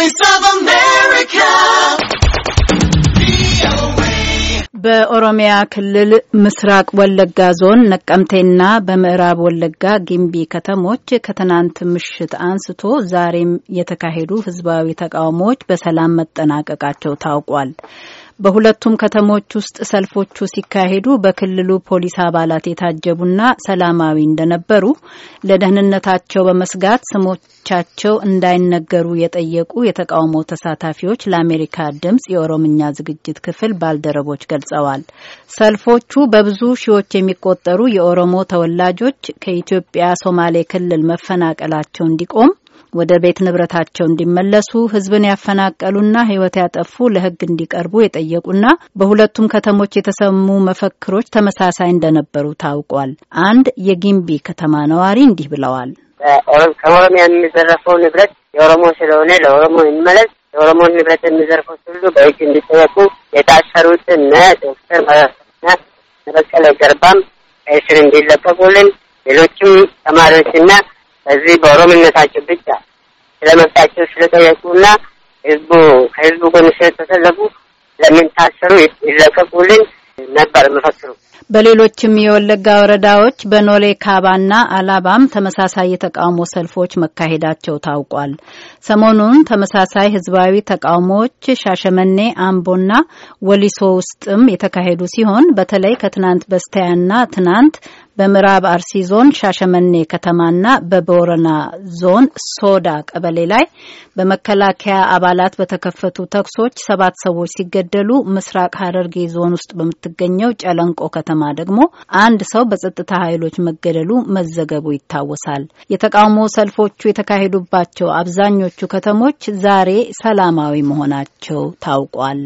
Voice of America. በኦሮሚያ ክልል ምስራቅ ወለጋ ዞን ነቀምቴና በምዕራብ ወለጋ ጊምቢ ከተሞች ከትናንት ምሽት አንስቶ ዛሬም የተካሄዱ ህዝባዊ ተቃውሞዎች በሰላም መጠናቀቃቸው ታውቋል። በሁለቱም ከተሞች ውስጥ ሰልፎቹ ሲካሄዱ በክልሉ ፖሊስ አባላት የታጀቡና ሰላማዊ እንደነበሩ ለደህንነታቸው በመስጋት ስሞቻቸው እንዳይነገሩ የጠየቁ የተቃውሞ ተሳታፊዎች ለአሜሪካ ድምጽ የኦሮምኛ ዝግጅት ክፍል ባልደረቦች ገልጸዋል። ሰልፎቹ በብዙ ሺዎች የሚቆጠሩ የኦሮሞ ተወላጆች ከኢትዮጵያ ሶማሌ ክልል መፈናቀላቸው እንዲቆም ወደ ቤት ንብረታቸው እንዲመለሱ ህዝብን ያፈናቀሉና ህይወት ያጠፉ ለህግ እንዲቀርቡ የጠየቁና በሁለቱም ከተሞች የተሰሙ መፈክሮች ተመሳሳይ እንደነበሩ ታውቋል። አንድ የጊምቢ ከተማ ነዋሪ እንዲህ ብለዋል። ከኦሮሚያ የሚዘረፈው ንብረት የኦሮሞ ስለሆነ ለኦሮሞ ይመለስ፣ የኦሮሞን ንብረት የሚዘርፉት ሁሉ በህግ እንዲጠየቁ፣ የታሰሩት እነ ዶክተር መረራና በቀለ ገርባም ከእስር እንዲለቀቁልን፣ ሌሎችም ተማሪዎችና እዚህ በኦሮምነታቸው ብቻ ስለመብታቸው ስለጠየቁና ህዝቡ ከህዝቡ ጎን ስለተሰለፉ ለምን ታሰሩ ይለቀቁልን ነበር መፈክሩ። በሌሎችም የወለጋ ወረዳዎች በኖሌ ካባና አላባም ተመሳሳይ የተቃውሞ ሰልፎች መካሄዳቸው ታውቋል። ሰሞኑን ተመሳሳይ ህዝባዊ ተቃውሞዎች ሻሸመኔ፣ አምቦና ወሊሶ ውስጥም የተካሄዱ ሲሆን በተለይ ከትናንት በስቲያና ትናንት በምዕራብ አርሲ ዞን ሻሸመኔ ከተማና በቦረና ዞን ሶዳ ቀበሌ ላይ በመከላከያ አባላት በተከፈቱ ተኩሶች ሰባት ሰዎች ሲገደሉ፣ ምስራቅ ሐረርጌ ዞን ውስጥ በምትገኘው ጨለንቆ ከተማ ደግሞ አንድ ሰው በጸጥታ ኃይሎች መገደሉ መዘገቡ ይታወሳል። የተቃውሞ ሰልፎቹ የተካሄዱባቸው አብዛኞቹ ከተሞች ዛሬ ሰላማዊ መሆናቸው ታውቋል።